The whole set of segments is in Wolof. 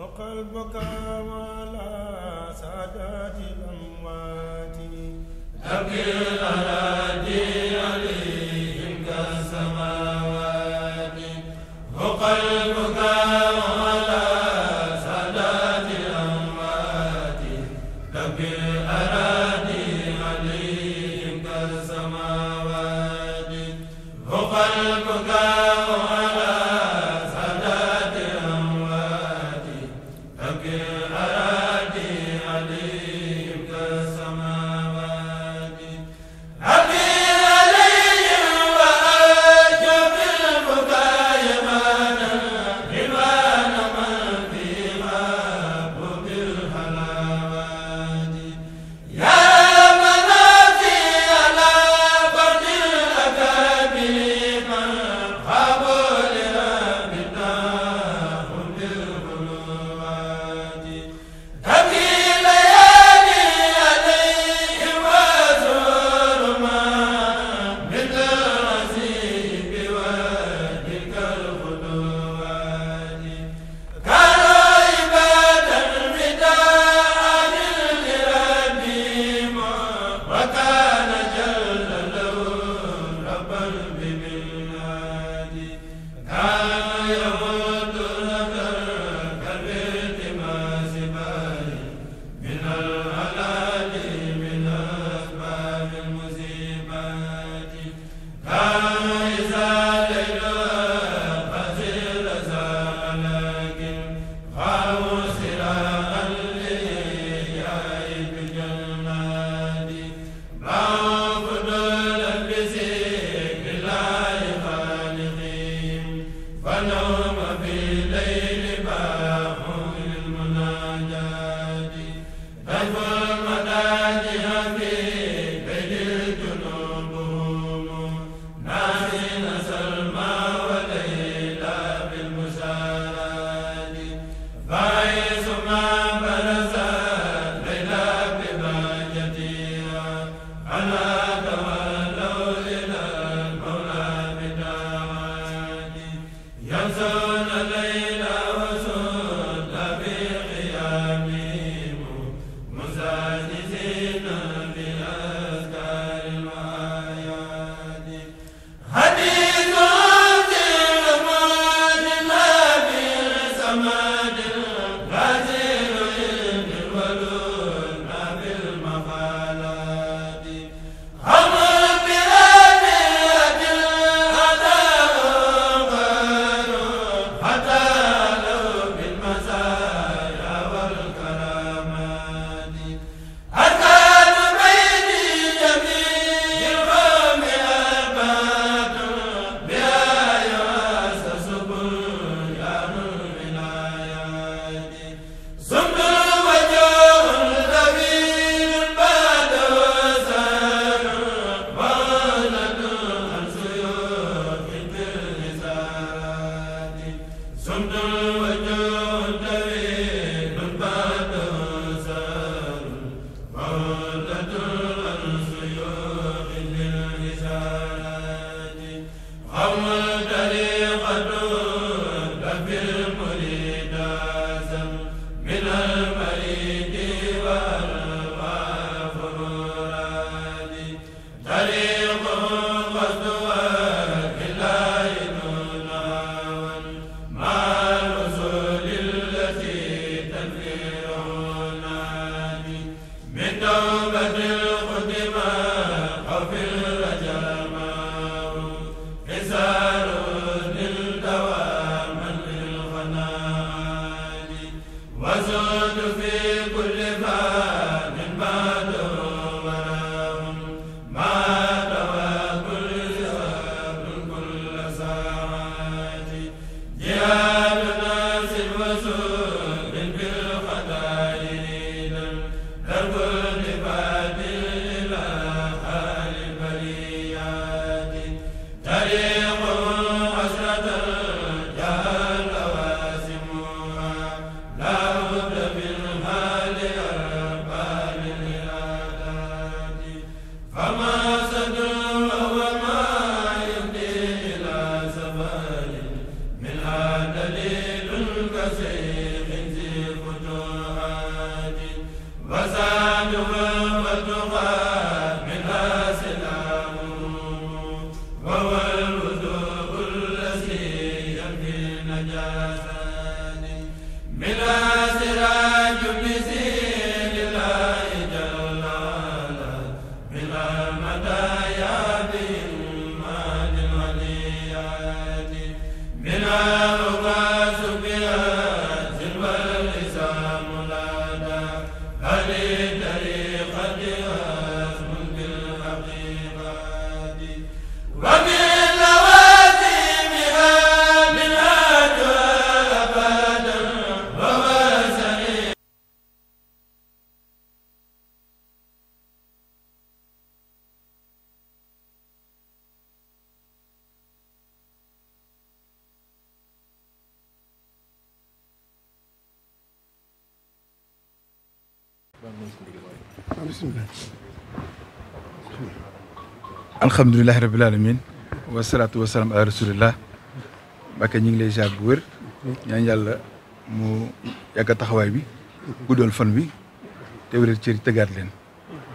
وقل بكام على سادات الأموات أبي alhamdulilahi rabil alamin wasalaatu wasalaam ala rasulillah Mbacke ñu ngi lay jaar bu wér ñaan yàlla mu yàgg taxawaay bi guddoon fan bi te wéral cëri tëggaat leen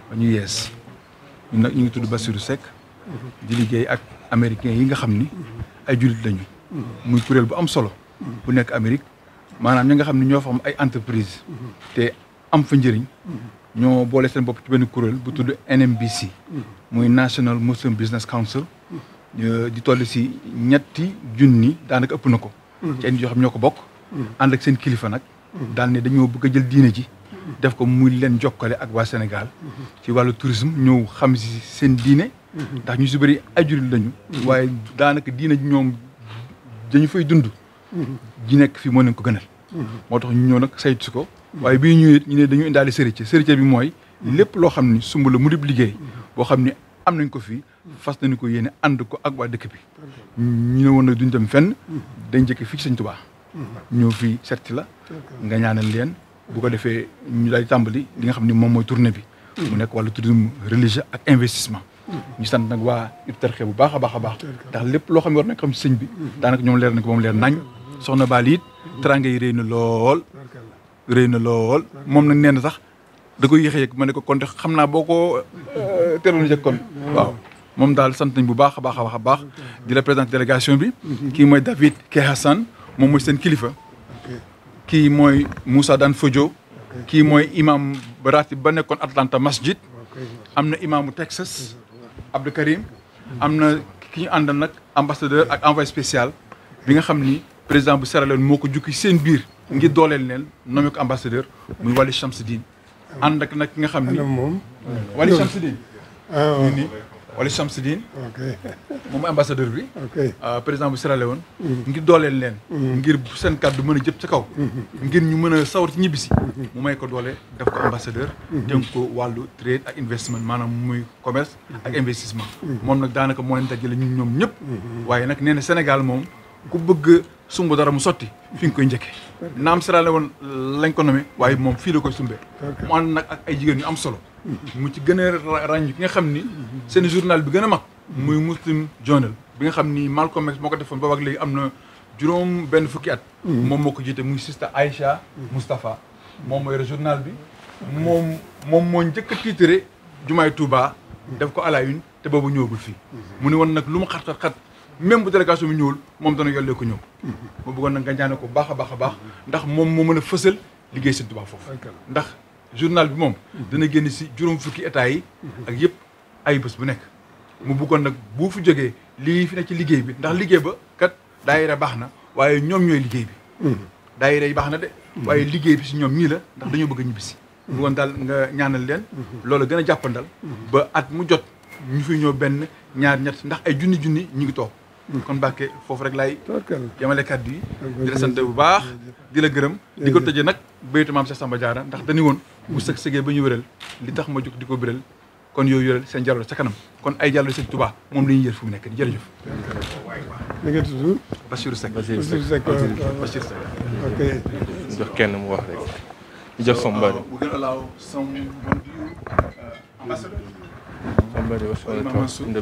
ba ñu yees ñun ñu ngi tudd Bassirou Seck di liggéey ak américain yi nga xam ni ay jullit lañu muy kuréel bu am solo bu nekk Amérique maanaam ñi nga xam ne ñoo fa am ay entreprise te am fa njëriñ ñoo boole seen bopp ci benn kuréel bu tudd NMBC muy National Muslim Business Council di toll si ñetti junni daanaka ëpp na ko ci ay nit yoo xam ñoo ko bokk ànd ak seen kilifa nag daal ne dañoo bëgg a jël diine ji def ko muy leen jokkale ak waa Sénégal ci wàllu tourisme ñëw xam si seen diine ndax ñu si bëri ajuri lañu waaye daanaka diine ji ñoom dañu fay dund ji nekk fii moo leen ko gënal moo tax ñu ñëw nag saytu ko waaye bii ñu it ñu ne dañu indaale sërite sërite bi mooy lépp loo xam ni sumb la mu dib liggéey boo xam ni am nañ ko fii fas nañu ko yéene ànd ko ak waa dëkk bi ñu woon nag duñ dem fenn dañ jëkke fii ci Sëñ Tuubaa ñëw fii serti la nga ñaanal leen bu ko defee ñu daal di tàmbali li nga xam ni moom mooy tournée bi mu nekk wàllu tourisme religieux ak investissement ñu sant nag waa Hizbut-Tarqiyyah bu baax a baax a baax ndax lépp loo xam ne war nañ ko xam sëñ bi daanaka ñoom leer nañ ko moom leer nañ soxna Bali it teraanga yi réy na lool rëy na lool moom nag nee na sax da koy yéex a ma ne ko kon de xam na boo ko euh, teeloon yëg kon moom daal sant bu baax a baax a baax di la présenté délégation bi kii mooy David Kee Hassan moom mooy seen kilifa kii mooy Moussa Dan Fodio kii mooy imam ratib ba nekkoon Atlanta Masjid am na imaamu Texas Abdou Karim am na ki ñu àndal nag ambassadeur ak envoyé spécial bi nga xam ni président bu Sierra moo ko jukki seen biir ngir dooleel leen nommé ko ambassadeur muy Waly ànd ak nag ki nga xam ni moom Waly Chamsidine ñu ah, ni Waly Chamsidine moom ambassadeur bi ah, président bu Sierra Leone mm-hmm. ngir dooleel leen mm-hmm. ngir seen kàddu mën a jëpp ca kaw mm-hmm. ngir ñu mën a sawar ci ñibbisi mu may ko doole def ko ambassadeur dénk ko wàllu trade ak investment maanaam muy commerce ak investissement moom nag daanaka moo leen dajale ñun ñoom ñëpp waaye nag nee na Sénégal moom ku bëgg sumb dara mu sotti fi nga koy njëkkee naam sera la woon lañ ko waaye moom fii la koy sumbee mu ànd nag ak ay jigéen ñu am solo mu ci gën a ràññ ki nga xam ni seen journal bi gën a mag muy Muslim Journal bi nga xam ni Malcolm X moo ko defoon boobaak léegi am na juróom benn fukki at hmm. moom moo ko jiite muy sista Aïcha Moustapha moom mooy journal bi moom moom moo njëkk a tiitre Jumaay Touba def ko à la te boobu ñëwagul fii hmm. mu ne woon nag lu mu xat xat xat même bu délégation bi ñëwul moom dana yollee ko ñëw moo mm-hmm. bëggoon nag nga ñaane ko baax a baax ndax moom moo mën a fësal liggéey Sëñ Tuubaa foofu ndax journal bi moom mm-hmm. dana génn si juróom fukki état yi mm-hmm. ak yëpp ay bés bu nekk mu buggoon nag bu fi jógee lii fi nekk ci liggéey bi ndax liggéey ba kat daayira baax na waaye ñoom ñooy liggéey bi yi baax na de waaye liggéey bi si ñoom ñii la ndax dañoo bëgg a ñibbisi bëggoon daal nga ñaanal leen loolu gën a jàppandal ba at mu jot ñu fi ñëw benn ñaar ñett ndax ay junni junni ñu ngi toog kon Mbacke foofu rek laay yamale kàddu yi di sant bu baax di la gërëm di ko tëjee nag béytu maam Cheikh Samba ndax dañu woon bu sëg sëgee ba ñu wéral li tax ma jóg di ko biral kon yooyu yoral seen jàllale sa kanam kon ay jàllale sëñ Touba moom la ñuy yër fu mu nekk nii jërëjëf. na nga tudd. Bachir Seck Bachir Seck Bachir Seck. ok. jox kenn mu wax rek. jox Sombari. Sombari was on the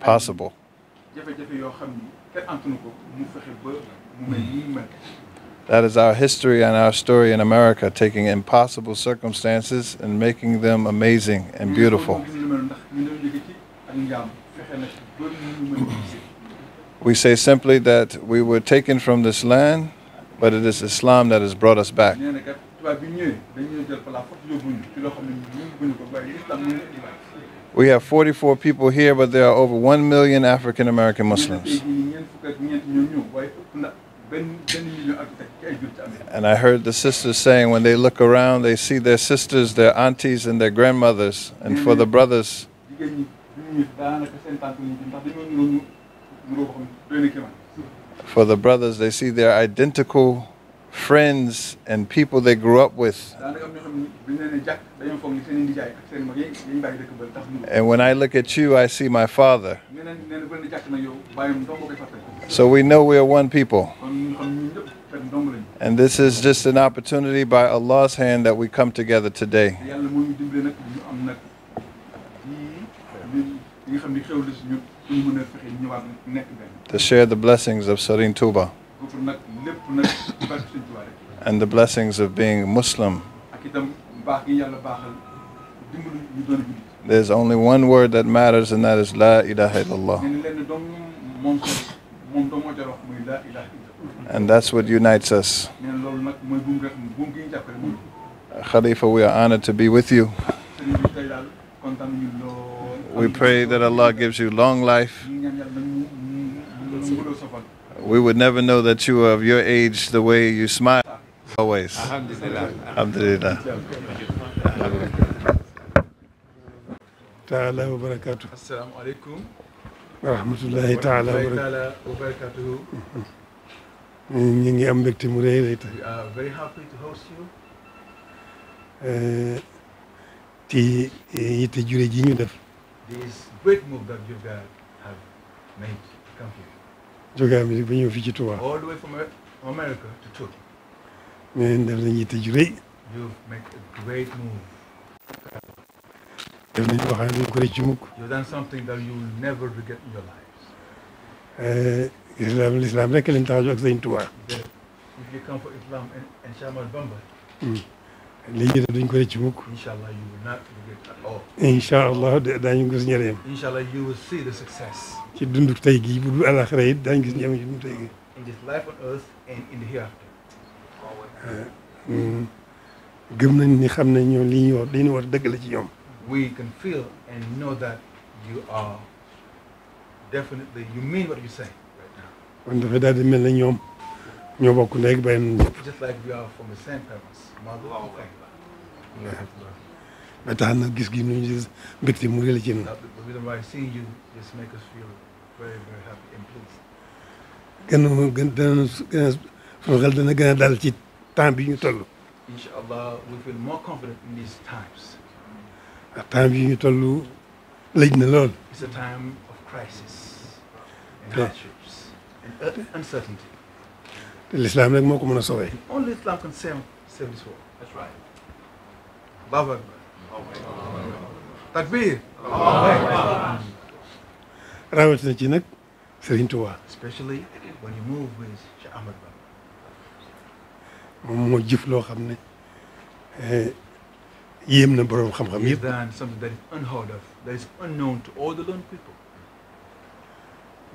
possible. That is our history and our story in America, taking impossible circumstances and making them amazing and beautiful. We say simply that we were taken from this land, but it is Islam that has brought us back. We have 44 people here, but there are over 1 million African American Muslims. And I heard the sisters saying when they look around, they see their sisters, their aunties, and their grandmothers. And for the brothers, they see their identical friends and people they grew up with. when I look at you, I see my father. So we know we are one people. And this is just an opportunity by Allah's hand that we come together today. To share the blessings of Sarin Tuba. and the blessings of being Muslim. There's only one word that matters, and that is La ilaha illallah. And that's what unites us. Khalifa, we are honored to be with you. We pray that Allah gives you long life. we would never know that you are of your age the way you smile always. Alhamdulillah. Alhamdulillah. Ta'ala wa barakatuh. Assalamu alaikum. Wa rahmatullahi ta'ala wa barakatuh. ñu ngi am mbégte mu rëy rëy tey. we are very happy to host you. Eh, ci eh, yitte jure ji ñu def. this great move that you guys have made. jóge Amérique ba ñëw fii ci Touba. all the way from America to Touba. ñu leen def nañu yitte ju rëy. you make a great move. def nañu loo xam ne duñ ko rëcc mukk. you done something that you will never regret in your lives. Eh, islam l'islam rek lañ tax a jóg ak sëñ Touba. if you come for Islam and Ahmadu Bamba. li ñu def duñ ko rëcc mukk. incha allah you will not regret at all. incha allah daañu gis njëriñam. incha allah you will see the success. ci dundu tey gii bu dul àllaaxira it daañu gis njëriñ ci dundu tey gii. in this life on earth and in the hereafter. Ah, mm. gëm nañ ni xam nañ ñoom li ñu wax li ñu war dëgg la ci ñoom. we can feel and know that you are definitely you mean what you say right now. kon dafay daal di mel ne ñoom. ñoo bokk léegi bay nañu ñëpp. ba tax na gis gi nuñu gis mbégte mu rëy la ci ñun. gën a gën dana sunu xel dana gën a dal ci temps bi ñu toll. incha allah we feel more confident in these times. temps bi ñu toll lëj na lool. it's a time of crisis and hardships and uncertainty. te l'islam moo ko mën a sauver. only Islam can save this world. that's right. Allahu akbar. takbir. rawatina ci nag Serigne especially when you move with Cheikh Ahmad Bamba. moo jif loo xam ne eh, yéem na borom xam-xam yëpp. than something that is unheard of that is unknown to all the learned people.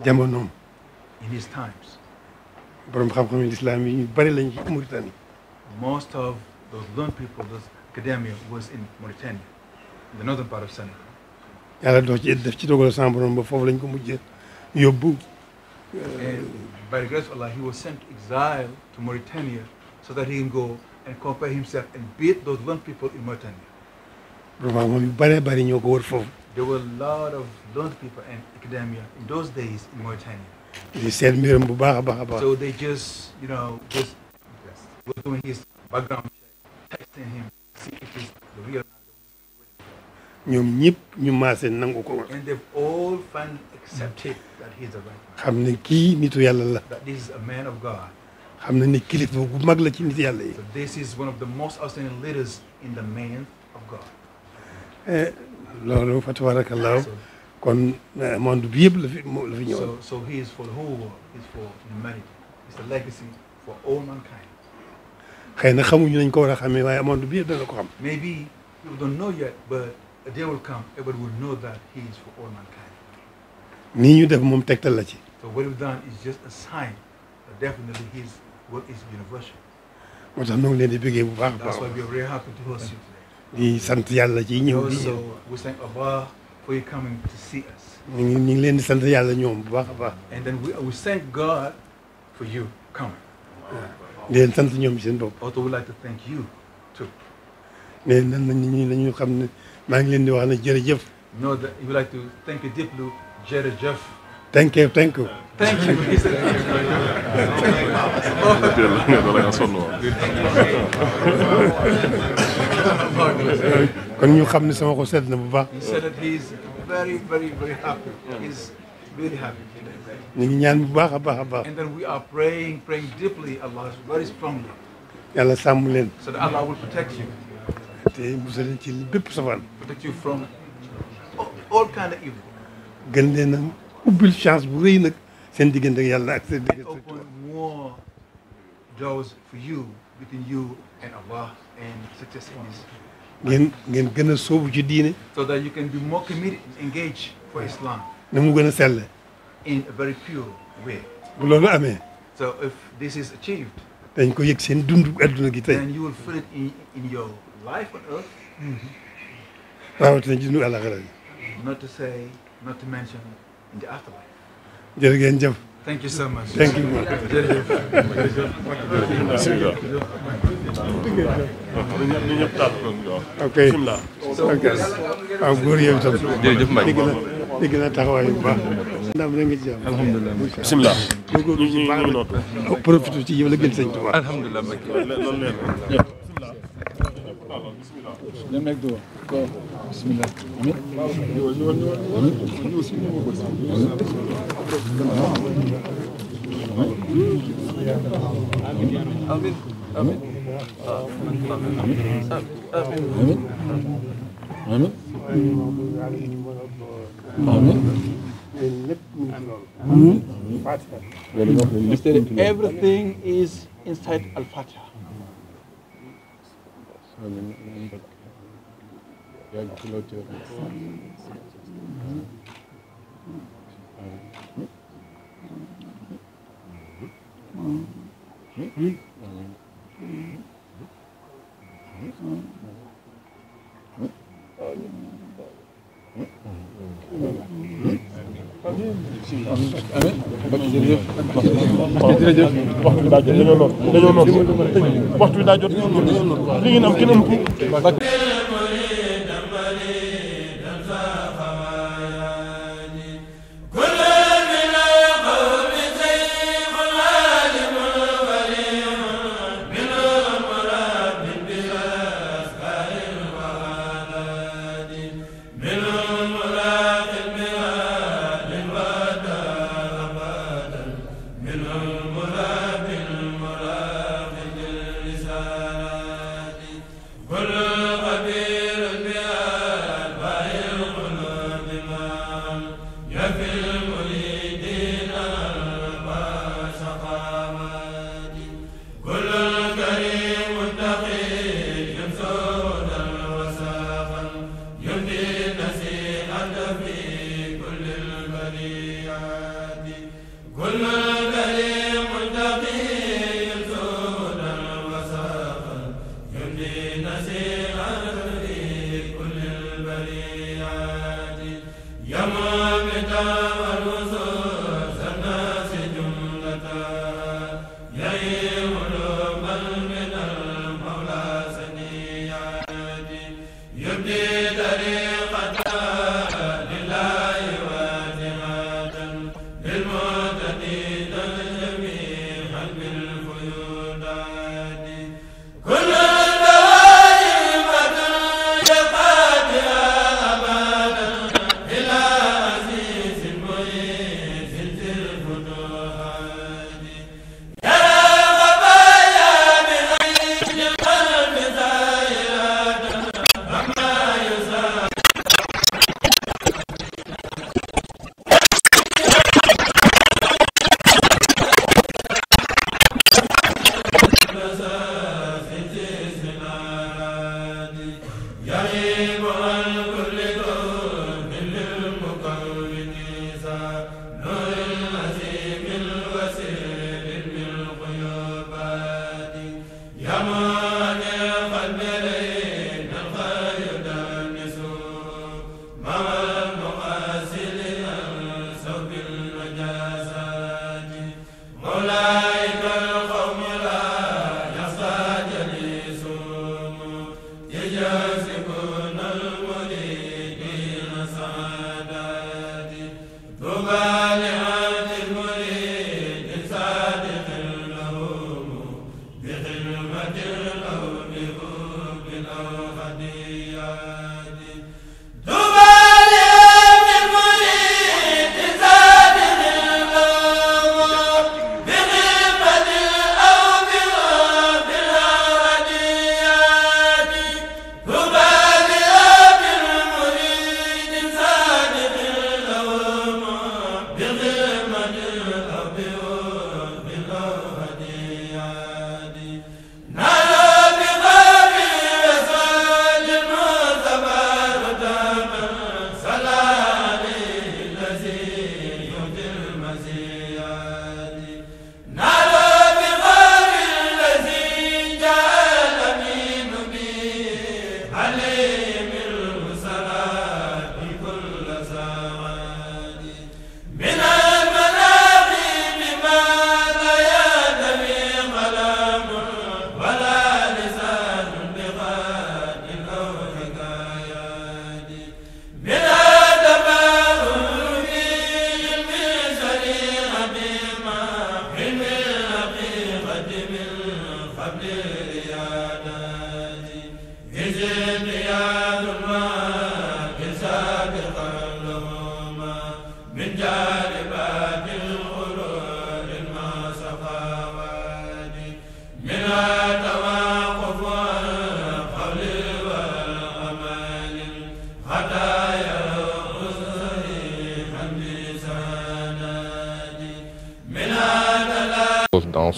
jamonoom. in his times. borom xam-xam yi lislaam yi ñu bëri lañ ci Mauritanie. most of those learned people those academia was in Mauritania in the northern part of Senegal. yàlla doo ci def ci dogal sama borom ba foofu lañ ko mujjee yóbbu. by the grace of Allah he was sent to exile to Mauritania so that he can go and compare himself and beat those learned people in Mauritania. borom xam-xam yu bëree bëri ñoo ko wër foofu. there were a lot of learned people and academia in those days in Mauritania. di seet mbiram bu baax a baax a baax. so they just you know just were doing his background check texting him see if he's the real ñoom ñëpp ñu maase nangu ko woon. and they've all finally accepted that he's the right man. xam ne kii nitu yàlla la. that this is a man of God. xam na ne kilifa bu mag la ci nit yàlla yi. so this is one of the most outstanding leaders in the man of God. Eh, loolu fa tabarakallah kon eh, monde bi yëpp la fi la fi ñëwal. so he is for the whole world, he is for humanity, mankind. xëy na xamuñu nañ ko war a xamee waaye monde bi yëpp ko xam. maybe you don't know yet but a day will come everybody will know that he is for all mankind. nii ñu def moom tegtal la ci. so what we've done is just a sign that definitely his work is universal. moo tax ñu ngi leen di bëggee bu baax a baax. that's why we are very happy you today. thank Allah. for you coming to see us. ñu ngi ñu ngi leen di sant yàlla ñoom bu baax a baax. and then we we thank God for you coming. di leen sant ñoom seen bopp. also we like to thank you too. mais nan la ñu nañu xam ne maa ngi leen di wax ne jërëjëf. no that you like to thank you deeply jërëjëf. thank you thank you. thank you. yàlla nga sonn woon. kon ñu xam ne sama xol sedd na bu baax. ñu ngi ñaan bu baax a baax a baax. yàlla sàmm leen. te musal leen ci bépp safaan. gën leen a ubbil chance bu rëy nag seen diggante ak yàlla ak seen diggante ak. ngeen ngeen gën a sóobu ci diine. so that you can be more committed engaged for Islam. na mu gën a sell. in a very pure way. bu loolu amee. so if this is achieved. dañ ko yëg seen dund adduna gi tey. then you will feel it in in your life on earth. Mm-hmm. rawatina ci nu àllaxira. not to say not to mention in the afterlife. jërë ngeen jëf. thank you so much. thank you. jërëjëf waaw góor yow itam. jërëjëf Mbaye dégg na taxawaay bu baax. ndam la nga ci jàmm. alhamdulilah bisimilah. ñu ñu ñu nootu. Oh, profité ci yow la gën sëñ Tuubaa. alhamdulilah Mbaye. loolu leer na. bismillah amin amin amin amin amin amin Mm-hmm. Everything is inside Al-Fatiha. jërëjëf waxtu bi daa jot dañoo noot dañoo noot waxtu bi daa jot li ngeen am kenn am ko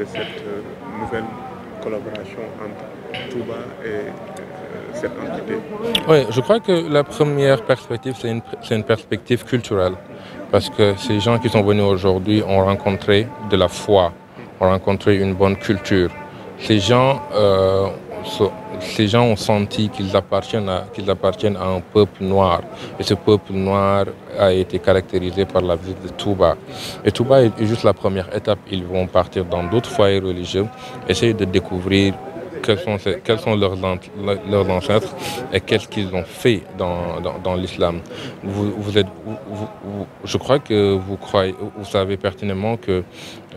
de cette euh, nouvelle collaboration entre Touba et euh, cette entité Oui, je crois que la première perspective, c'est une, une, perspective culturelle. Parce que ces gens qui sont venus aujourd'hui ont rencontré de la foi, ont rencontré une bonne culture. Ces gens euh, ces gens ont senti qu'ils appartiennent, à, qu'ils appartiennent à un peuple noir. Et ce peuple noir a été caractérisé par la visite de Touba. Et Touba est juste la première étape. Ils vont partir dans d'autres foyers religieux, essayer de découvrir quels sont, ces, quels sont leurs, leurs, ancêtres et qu'est-ce qu'ils ont fait dans, dans, dans l'islam. Vous, vous êtes, vous, vous, je crois que vous, croyez, vous savez pertinemment qu'il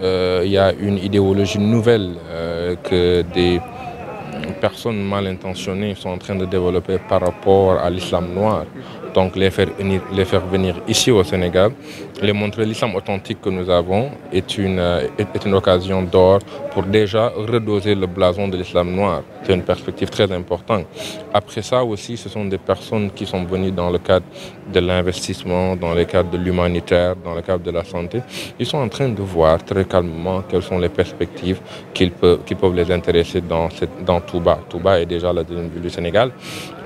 euh, il euh, y a une idéologie nouvelle euh, que des personnes mal intentionnées sont en train de développer par rapport à l'islam noir donc les faire, unir, les faire venir ici au Sénégal, les montrer l'islam authentique que nous avons est une, occasion d'or pour déjà redoser le blason de l'islam noir. C'est une perspective très importante. Après ça aussi, ce sont des personnes qui sont venues dans le cadre de l'investissement, dans le cadre de l'humanitaire, dans le cadre de la santé. Ils sont en train de voir très calmement quelles sont les perspectives qui peuvent, qu peuvent les intéresser dans, cette, dans Touba. Touba est déjà la deuxième ville du Sénégal.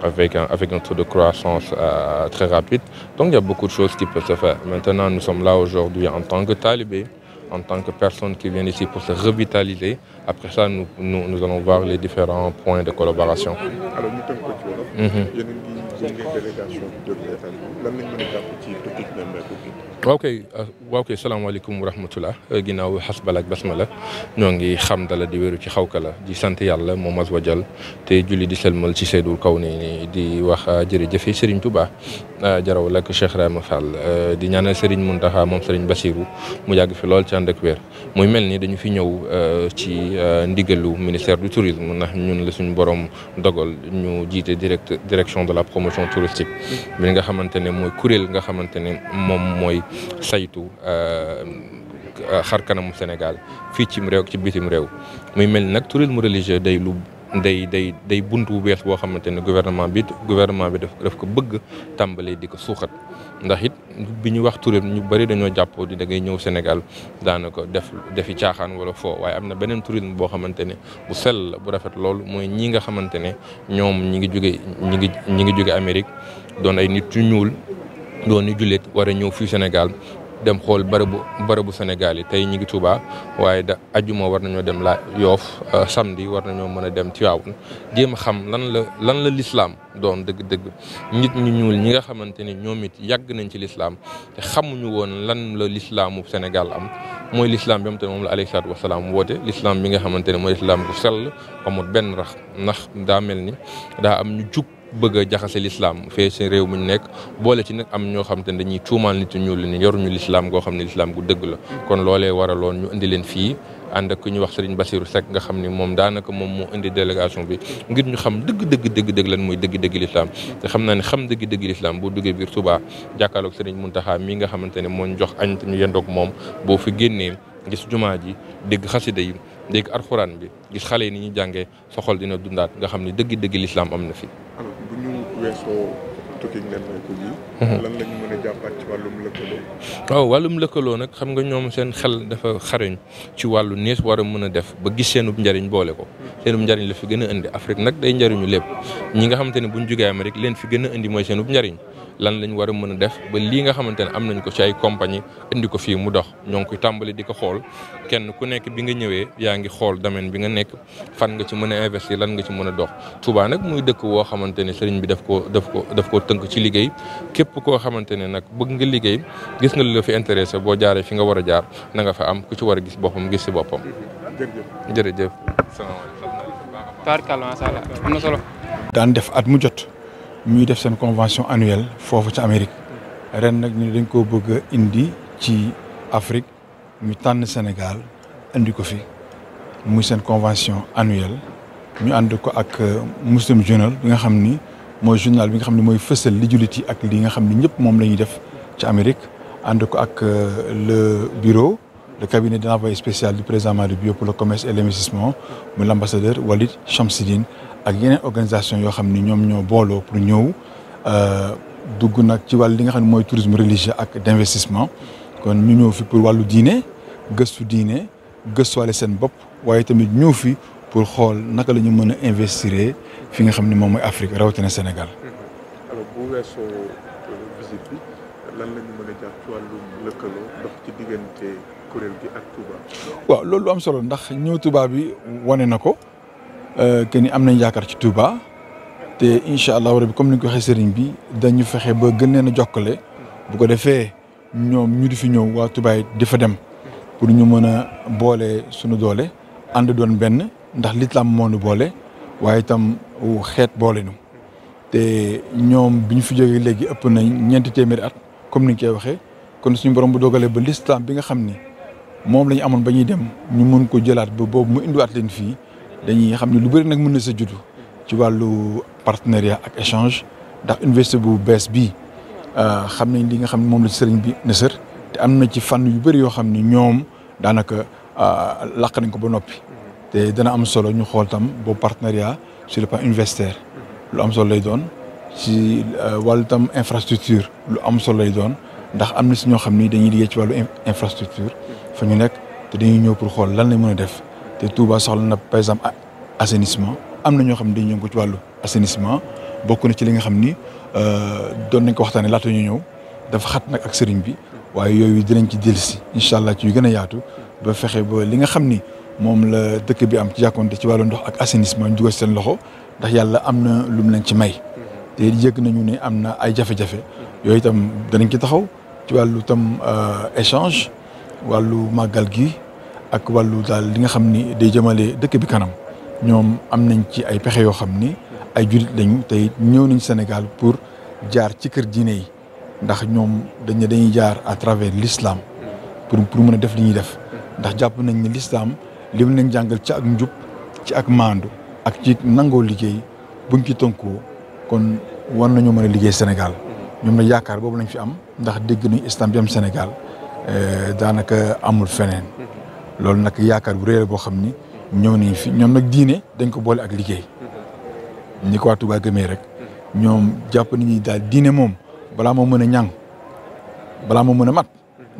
avec un, avec un taux de croissance euh, très rapide. Donc il y a beaucoup de choses qui peuvent se faire. Maintenant, nous sommes là aujourd'hui en tant que talibés, en tant que personnes qui viennent ici pour se revitaliser. Après ça, nous, nous, nous allons voir les différents points de collaboration. Alors, nous gunge délégation bi jóge état bi lan lañ mën a jàpp ci gi. waaw kay basmala ñoo ngi xam dala di wéru ci xawka la di sant yàlla moom as te julli di selmal ci seydul kaw ni di wax ah, jërëjëfe Serigne Touba ah, jaraw la ak Cheikh Rahma Fall euh, di ñaanal Serigne Mountakha moom Serigne Bassirou mu yàgg fi lool ci ànd ak muy mel ni dañu fi ñëw euh, ci euh, ndigalu ministère du tourisme ndax ñun la suñu borom dogal ñu jiite direct direction de la promotion touristique mm. bi nga xamante ne mooy kuréel nga xamante ne moom mooy saytu euh, xar kanamu Sénégal fii ci cim réew ci bitim réew muy mel ni nag tourisme religieux day lu day day day buntu bu bees boo xamante ne gouvernement bi gouvernement bi daf ko bëgg tàmbalee di ko suuxat ndax it bi ñu wax tourisme ñu bëri dañoo jàppoo di da ngay ñëw Sénégal daanaka def defi caaxaan wala fo waaye am na beneen tourisme boo xamante ne bu sell bu rafet loolu mooy ñii nga xamante ne ñoom ñi ngi jóge ñi ngi ñi ngi jóge Amérique doon ay nit yu ñuul doon i jullit war a ñëw fii Sénégal dem xool bërëbu bërëbu Sénégal yi tey ñu ngi Touba waaye da ajjuma war nañoo dem laa Yoof euh, samedi war nañoo mën a dem Tivaouane jéem a xam lan la lan la lislaam doon dëgg-dëgg nit ñu ñuul ñi nga xamante ni ñoom it yàgg nañ ci lislaam te xamuñu woon lan la lislaamu Sénégal am mooy lislaam bi am te moom la alayhi salaatu wasalaam woote lislaam bi nga xamante ne mooy lislaam bu sell amul benn rax ndax daa mel ni daa am ñu jug bëgg a lislaam fee si réew mu ñu nekk boole ci nag am ñoo xam te ne dañuy tuumaal nit ñuul ni yoruñu lislaam goo xam ne lislaam gu dëgg la kon loolee waraloon ñu indi leen fii ànd ak ñu wax Serigne Bassirou Seck nga xam ni moom daanaka moom moo indi délégation bi ngir ñu xam dëgg dëgg dëgg dëgg lan mooy dëgg dëgg lislaam te xam naa ne xam dëgg dëgg lislaam boo duggee biir Touba jàkkaarloog Serigne Mountakha mi nga xamante ne moo jox añ te ñu yendoog moom boo fi génnee gis jumaa ji dégg xasida yi dégg alxuraan bi gis xale yi ni ñuy jàngee soxol dina dundaat nga xam ni dëgg dëgg lislaam am na fi weesoo tukki ngeen may ko ji Mhm. lan la ñu mën a lëkkaloo. nag xam nga ñoom seen xel dafa xarañ ci wàllu nees war a mën a def ba gis seenub njariñ boole ko. seenub la fi gën a indi Afrique nag day njariñu lépp ñi nga xamante ne buñ jugee Amérique leen fi gën a indi mooy seenub njariñ lan lañ war a def ba lii nga xamante ne am nañ ko ci ay compagnie indi ko fii mu dox ñoo ngi tàmbali di ko xool kenn ku nekk bi nga ñëwee yaa ngi xool domaine bi nga nekk fan nga ci mën a investir lan nga ci mën a dox Touba nag muy dëkk woo xamante ne sëriñ bi daf ko daf ko daf ko tënk ci liggéey képp koo xamante ne nag bëgg nga liggéey gis nga lu la fi intéressé boo jaaree fi nga war a jaar nanga fa am ku ci war a gis boppam gis si boppam. jërëjëf jërëjëf. tabaarkalla daan def at mu jot ñuy def seen convention annuelle foofu ci Amérique ren nag ñu dañ ko bëgg indi ci Afrique ñu tànn Sénégal indi ko fi muy seen convention annuel ñu ànd ko ak euh, Muslim Journal bi nga xam ni. mooy journal bi nga xam ne mooy fësal li jullit yi ak li nga xam ne ñëpp moom la ñuy def ci Amérique ànd ko ak euh, le bureau le cabinet de l'envoyé spécial du président Malick pour le commerce et l'investissement mu l'ambassadeur Walid Shamsidine ak yeneen organisation yoo xam ni ñoom ñoo booloo pour ñëw euh, dugg nag ci wàll li nga xam ne mooy tourisme religieux ak d'investissement kon ñu ñëw fi pour wàllu diine gëstu diine gëstuwaale seen bopp waaye tamit ñëw fi pour xool naka lañu mën a investir fi nga xam ni moom mooy Afrique rawatina Sénégal. Mhm. alors bu euh, la ñu mën a jàpp kuréel gi waaw loolu am solo ndax ñëw tubaab bi wane na ko euh, que ni am nañ yaakaar ci Touba te incha allah rabi comme ni ko waxee sëriñ bi dañu fexe ba gën leen a jokkale bu ko defee ñoom ñu di fi ñëw waa Touba yi di dem pour ñu mën a boole sunu doole ànd doon benn. ndax lislaam moo nu boole waaye itam xeet boole nu te ñoom bi ñu fi jógee léegi ëpp nañ ñeenti téeméeri at comme ni ñu koy waxee kon suñu borom bu dogalee ba lislaam bi nga xam ni moom la ñu amoon ba ñuy dem ñu mën ko jëlaat ba boobu mu indiwaat leen fii dañuy xam ne lu bëri nag mën na sa juddu ci wàllu partenariat ak échange ndax université bu bees bii euh, xam nañ li nga xam ne moom la sëriñ bi nësër te am na ci fànn yu bëri yoo xam ni ñoom daanaka euh, làq nañ ko ba noppi. te dana am solo ñu xool tam boo partenariat sur le plan universitaire lu am solo lay doon ci euh, wàllu tam infrastructure lu am solo lay doon ndax am na si ñoo xam ni dañuy liggéey ci wàllu infrastructure fa ñu nekk te dañuy ñëw pour xool lan lañ mën a def te Touba soxla nag par exemple assainissement am na ñoo xam ne dañuy ko ci wàllu assainissement bokk na ci li nga xam ni euh, doon nañ ko waxtaanee laata ñu ñëw dafa xat nag ak sëriñ bi waaye yooyu dinañ ci dellusi incha allah ci gën a yaatu ba fexe ba li nga xam ni moom la dëkk bi am ci jàkkoonte ci wàllu ndox ak assainissement ñu dugal seen loxo ndax yàlla am na lu mu ci may. te yëg nañu ni am na ay jafe-jafe. yooyu itam danañ ci taxaw ci wàllu tam euh, échange wàllu màggal gi ak wàllu daal li nga xam ni day jëmale dëkk bi kanam ñoom am nañ ci ay pexe yoo xam ni ay jurit lañu tey ñëw nañ Sénégal pour jaar ci kër diine yi ndax ñoom dañ dañuy jaar à travers l'islam pour pour mën a def li ñuy def ndax jàpp nañ ne l'islam lim na jàngal ci ak njub ci ak maandu ak ci nango liggéey buñ ci tënkoo kon war nañoo mën a liggéey Sénégal ñoom na yaakaar boobu lañ fi am ndax dégg nañu islam bi am Sénégal euh, daanaka amul feneen loolu nag yaakaar bu réer boo xam ni ñëw nañ fi ñoom nag diine dañ ko boole ak liggéey ni ko waa Touba gëmee rek ñoom jàpp nañu daal diine moom balaa moo mën a ñàng balaa moo mën a mat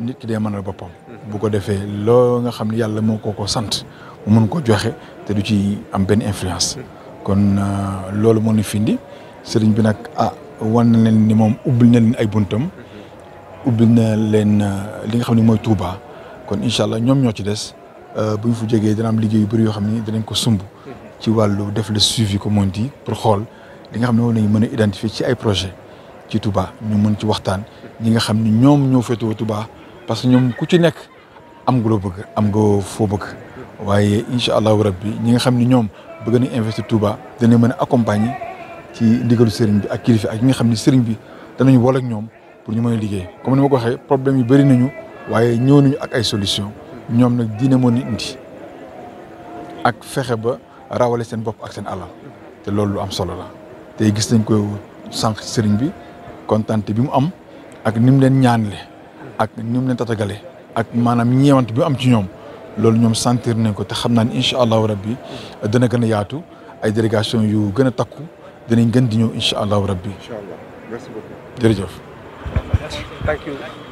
nit ki dee mënal boppam. bu ko defee loo nga xam ne yàlla moo ko ko sant mu mën ko joxe te du ci am benn influence. kon euh, loolu moo ñu findi sëriñ bi nag ah wan na leen ni moom ubbil na leen ay buntam. ubbil na leen euh, li nga xam ne mooy Touba kon incha allah ñoom ñoo ci des euh, bu ñu fu jegee dina am liggéey yu yoo xam ne danañ ko sumb. ci wàllu def le suivi comme on dit pour xool li nga xam ne moom lañu mën a identifier ci ay projet ci Touba ñu mën ci waxtaan ñi nga xam ne ñoom ñoo féetewoo Touba. parce que ñoom ku ci nekk am nga loo bëgg am nga foo bëgg waaye incha allahu rabbi ñi nga xam ni ñoom bëgg nañ investir Touba danañ mën a accompagner ci ndigalu sëriñ bi ak kilifa ak ñi nga xam ni sëriñ bi danañ wala ak ñoom pour ñu mën a liggéey comme ni ma ko waxee problème yu bari nañu waaye ñëw nañu ak ay solution ñoom nag diine moo ni indi ak fexe ba rawale seen bopp ak seen alal te loolu lu am solo la tey gis nañ ko sànq sëriñ bi kontaan bi mu am ak ni mu leen ñaanle ak ni mu leen tatagalee ak maanaam ñeewante bi am ci ñoom loolu ñoom santir nañ ko te xam naa ni incha allahu rabbi dana gën a yaatu ay délégation yu gën a takku dinañ gën di ñëw incha allahu rabbi. incha allah merci beaucoup jërëjëf.